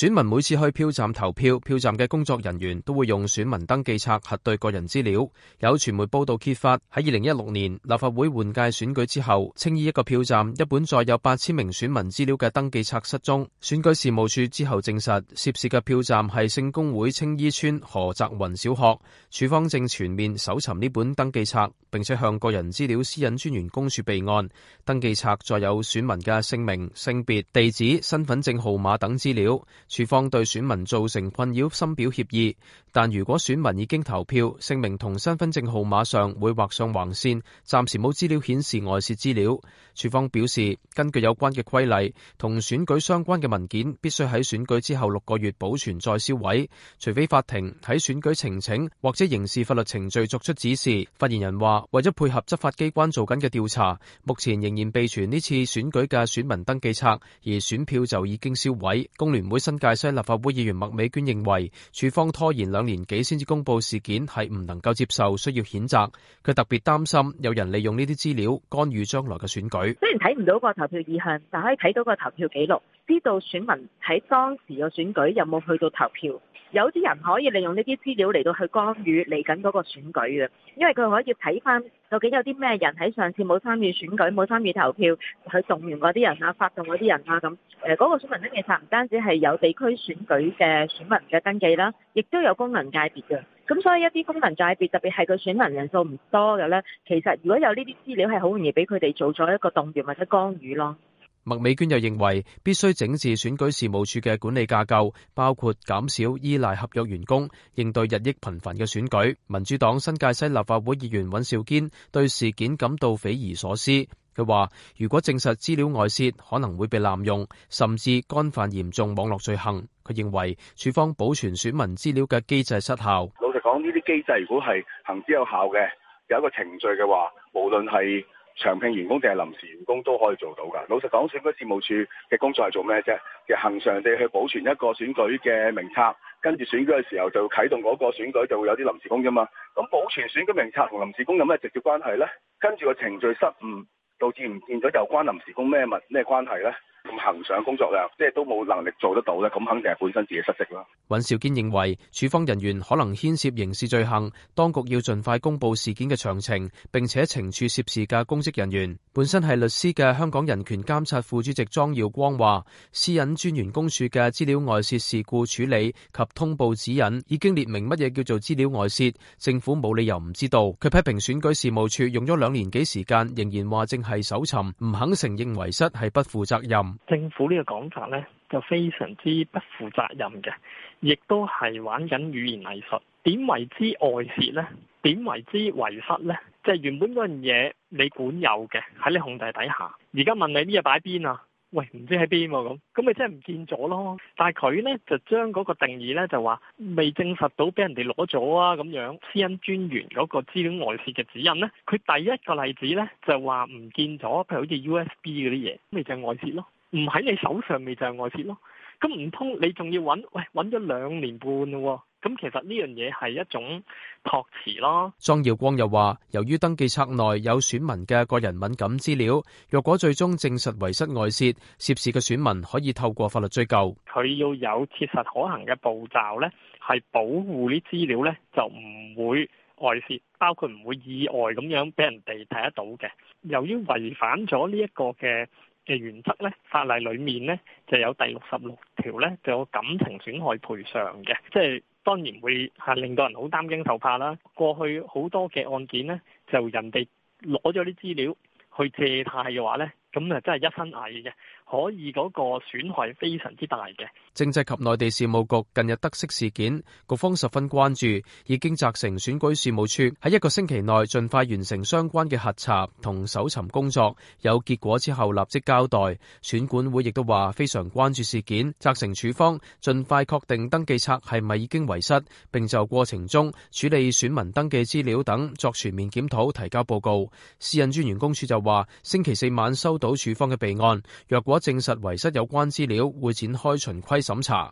選民每次去票站投票，票站嘅工作人員都會用選民登記冊核對個人資料。有傳媒報道揭發喺二零一六年立法會換屆選舉之後，青衣一個票站一本載有八千名選民資料嘅登記冊失蹤，選舉事務處之後證實涉事嘅票站係聖公會青衣邨何澤芸小學，處方正全面搜尋呢本登記冊，並且向個人資料私隱專員公署備案。登記冊載有選民嘅姓名、性別、地址、身份證號碼等資料。處方對選民造成困擾，深表歉意。但如果選民已經投票，姓名同身份證號碼上會畫上橫線，暫時冇資料顯示外泄資料。處方表示，根據有關嘅規例，同選舉相關嘅文件必須喺選舉之後六個月保存再銷毀，除非法庭喺選舉呈請或者刑事法律程序作出指示。發言人話，為咗配合執法機關做緊嘅調查，目前仍然備存呢次選舉嘅選民登記冊，而選票就已經銷毀。工聯會新界西立法會議員麥美娟認為，處方拖延兩年幾先至公布事件係唔能夠接受，需要譴責。佢特別擔心有人利用呢啲資料干預將來嘅選舉。雖然睇唔到個投票意向，但可以睇到個投票記錄，知道選民喺當時嘅選舉有冇去到投票。有啲人可以利用呢啲資料嚟到去干預嚟緊嗰個選舉嘅，因為佢可以睇翻究竟有啲咩人喺上次冇參與選舉、冇參與投票去動員嗰啲人啊、發動嗰啲人啊咁。誒，嗰個選民登記冊，其實唔單止係有地區選舉嘅選民嘅登記啦，亦都有功能界別嘅。咁所以一啲功能界別特別係個選民人數唔多嘅咧，其實如果有呢啲資料係好容易俾佢哋做咗一個動員或者干預咯。麥美娟又認為，必須整治選舉事務處嘅管理架構，包括減少依賴合約員工，應對日益頻繁嘅選舉。民主黨新界西立法會議員尹兆堅對事件感到匪夷所思。佢話：如果證實資料外泄，可能會被濫用，甚至干犯嚴重網絡罪行。佢認為，處方保存選民資料嘅機制失效。老實講，呢啲機制如果係行之有效嘅，有一個程序嘅話，無論係長聘員工定係臨時員工都可以做到㗎。老實講，選舉事務處嘅工作係做咩啫？其實恒常地去保存一個選舉嘅名冊，跟住選舉嘅時候就啟動嗰個選舉就會有啲臨時工啫嘛。咁保存選舉名冊同臨時工有咩直接關係呢？跟住個程序失誤導致唔見咗，又關臨時工咩物咩關係呢？咁行上工作咧，即係都冇能力做得到咧，咁肯定係本身自己失職啦。尹兆堅認為，處方人員可能牽涉刑事罪行，當局要盡快公布事件嘅詳情，並且懲處涉事嘅公職人員。本身係律師嘅香港人權監察副主席莊耀光話：私隱專員公署嘅資料外泄事故處理及通報指引已經列明乜嘢叫做資料外泄，政府冇理由唔知道。佢批評選舉事務處用咗兩年幾時間，仍然話正係搜尋，唔肯承認遺失係不負責任。政府呢個講法呢，就非常之不負責任嘅，亦都係玩緊語言藝術。點為之外泄呢？點為之遺失呢？就係原本嗰樣嘢，你管有嘅喺你控制底下。而家問你呢嘢擺邊啊？喂，唔知喺邊咁，咁咪真係唔見咗咯。但係佢呢，就將嗰個定義呢，就話未證實到俾人哋攞咗啊，咁樣私隱專員嗰個資料外泄嘅指引呢，佢第一個例子呢，就話唔見咗，譬如好似 USB 嗰啲嘢，咪就係外泄咯，唔喺你手上咪就係外泄咯。咁唔通你仲要揾？喂，揾咗兩年半喎。咁其實呢樣嘢係一種託詞。咯莊耀光又話，由於登記冊內有選民嘅個人敏感資料，若果最終證實遺失外泄，涉事嘅選民可以透過法律追究。佢要有切實可行嘅步驟呢，係保護啲資料呢，就唔會外泄，包括唔會意外咁樣俾人哋睇得到嘅。由於違反咗呢一個嘅嘅原則咧，法例裡面咧就有第六十六條咧就有感情損害賠償嘅，即係當然會係令到人好擔驚受怕啦。過去好多嘅案件咧，就人哋攞咗啲資料去借貸嘅話咧。咁啊，真係一身危嘅，可以嗰個損害非常之大嘅。政制及內地事務局近日得悉事件，局方十分關注，已經責成選舉事務處喺一個星期內盡快完成相關嘅核查同搜尋工作，有結果之後立即交代。選管會亦都話非常關注事件，責成處方盡快確定登記冊係咪已經遺失，並就過程中處理選民登記資料等作全面檢討，提交報告。私隱專員公署就話星期四晚收。到處方嘅備案，若果證實遺失有關資料，會展開循規審查。